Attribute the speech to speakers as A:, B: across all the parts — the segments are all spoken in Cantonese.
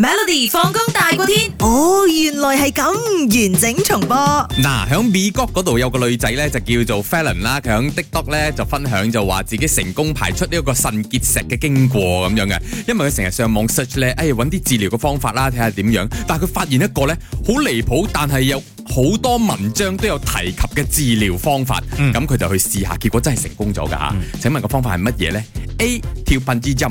A: Melody 放工大過天，哦，原來係咁完整重播。嗱、啊，響美國嗰度有個女仔咧，就叫做 Felon 啦，佢響 TikTok 咧就分享就話自己成功排出呢一個腎結石嘅經過咁樣嘅，因為佢成日上網 search 咧，哎，揾啲治療嘅方法啦，睇下點樣，但係佢發現一個咧好離譜，但係有好多文章都有提及嘅治療方法，咁佢、嗯、就去試下，結果真係成功咗噶吓，啊嗯、請問個方法係乜嘢咧？A 跳蹦之音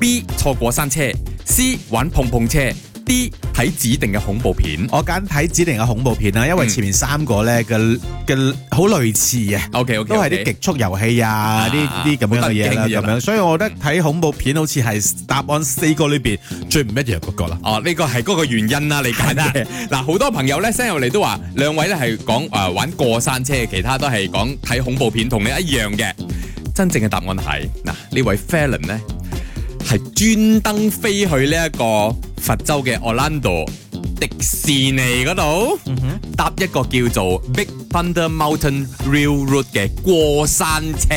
A: ，B 坐過山車。C 玩碰碰車，D 睇指定嘅恐怖片。我揀睇指定嘅恐怖片啦，因為前面三個
B: 咧嘅嘅好類似啊，都係啲極速遊戲啊，啲啲咁樣嘅嘢啦，咁樣。所以我覺得睇恐怖片好似係答案四個裏邊最唔一樣個
A: 啦。哦，呢個係嗰個原因啦，你揀嘅。嗱，好多朋友咧，send 入嚟都話兩位咧係講誒玩過山車，其他都係講睇恐怖片，同你一樣嘅。真正嘅答案係嗱，呢位 Felon 咧。係專登飛去呢一個佛州嘅 o l 奧蘭多迪士尼嗰度，mm hmm。搭一個叫做 Big Thunder Mountain Railroad 嘅過山車，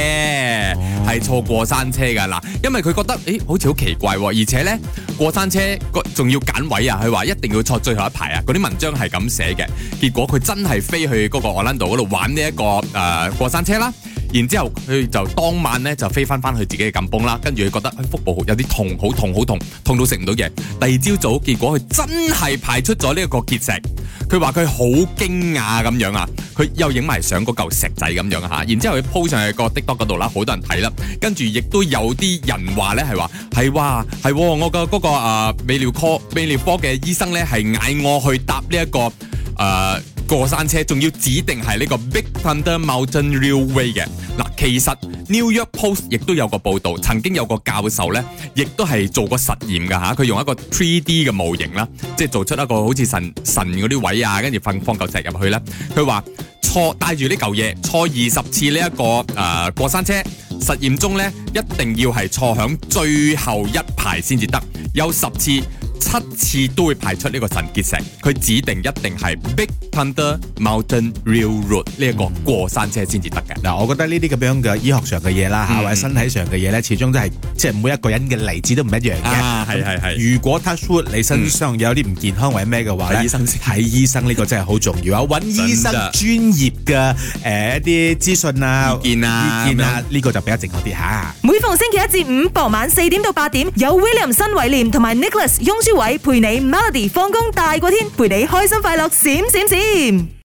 A: 係坐，oh。過山車噶啦，因為佢覺得誒，好似好奇怪，哦，而且呢，過山車個仲要揀位啊，佢話一定要坐最後一排啊，嗰啲文章係咁寫嘅，結果佢真係飛去嗰個奧蘭多嗰度玩呢、這、一個誒、呃、過山車啦。然之後佢就當晚咧就飛翻翻去自己嘅緊蹦啦，跟住佢覺得佢腹部有啲痛，好痛好痛，痛到食唔到嘢。第二朝早，結果佢真係排出咗呢一個結石，佢話佢好驚訝咁樣啊！佢又影埋上嗰嚿石仔咁樣嚇，然之後佢 po 上去個 TikTok 嗰度啦，好多人睇啦。跟住亦都有啲人話咧係話係哇係我、嗰個嗰個啊泌尿科泌尿科嘅醫生咧係嗌我去搭呢一個誒。啊過山車仲要指定係呢個 Big Thunder Mountain Railway 嘅。嗱，其實 New York Post 亦都有個報道，曾經有個教授呢，亦都係做過實驗噶吓，佢、啊、用一個 3D 嘅模型啦、啊，即係做出一個好似神神嗰啲位啊，跟住放放嚿石入去咧，佢話坐帶住呢嚿嘢坐二十次呢、這、一個誒、呃、過山車實驗中呢，一定要係坐響最後一排先至得，有十次。七次都會排出呢個腎結石，佢指定一定係 Big Thunder Mountain Railroad 呢一個過山車先至得嘅。嗱，我覺得呢啲咁樣嘅醫學上嘅嘢啦，嚇、嗯、或者身體
B: 上嘅嘢咧，始終都係即係每一個人嘅例子都唔一樣嘅。啊，係係係如果 Touchwood 你身上有啲唔健康或者咩嘅話，嗯、醫生睇醫生呢個真係好重要啊！揾 的醫生專業嘅誒、呃、一啲資訊啊、意見啊、意見啊，呢、啊、樣個就比較正確啲嚇。啊、每逢星期一至五傍晚四點到八點，有 William 新威廉同埋 Nicholas 諸位，陪你 Melody 放工大過天，陪你開心快樂閃閃閃。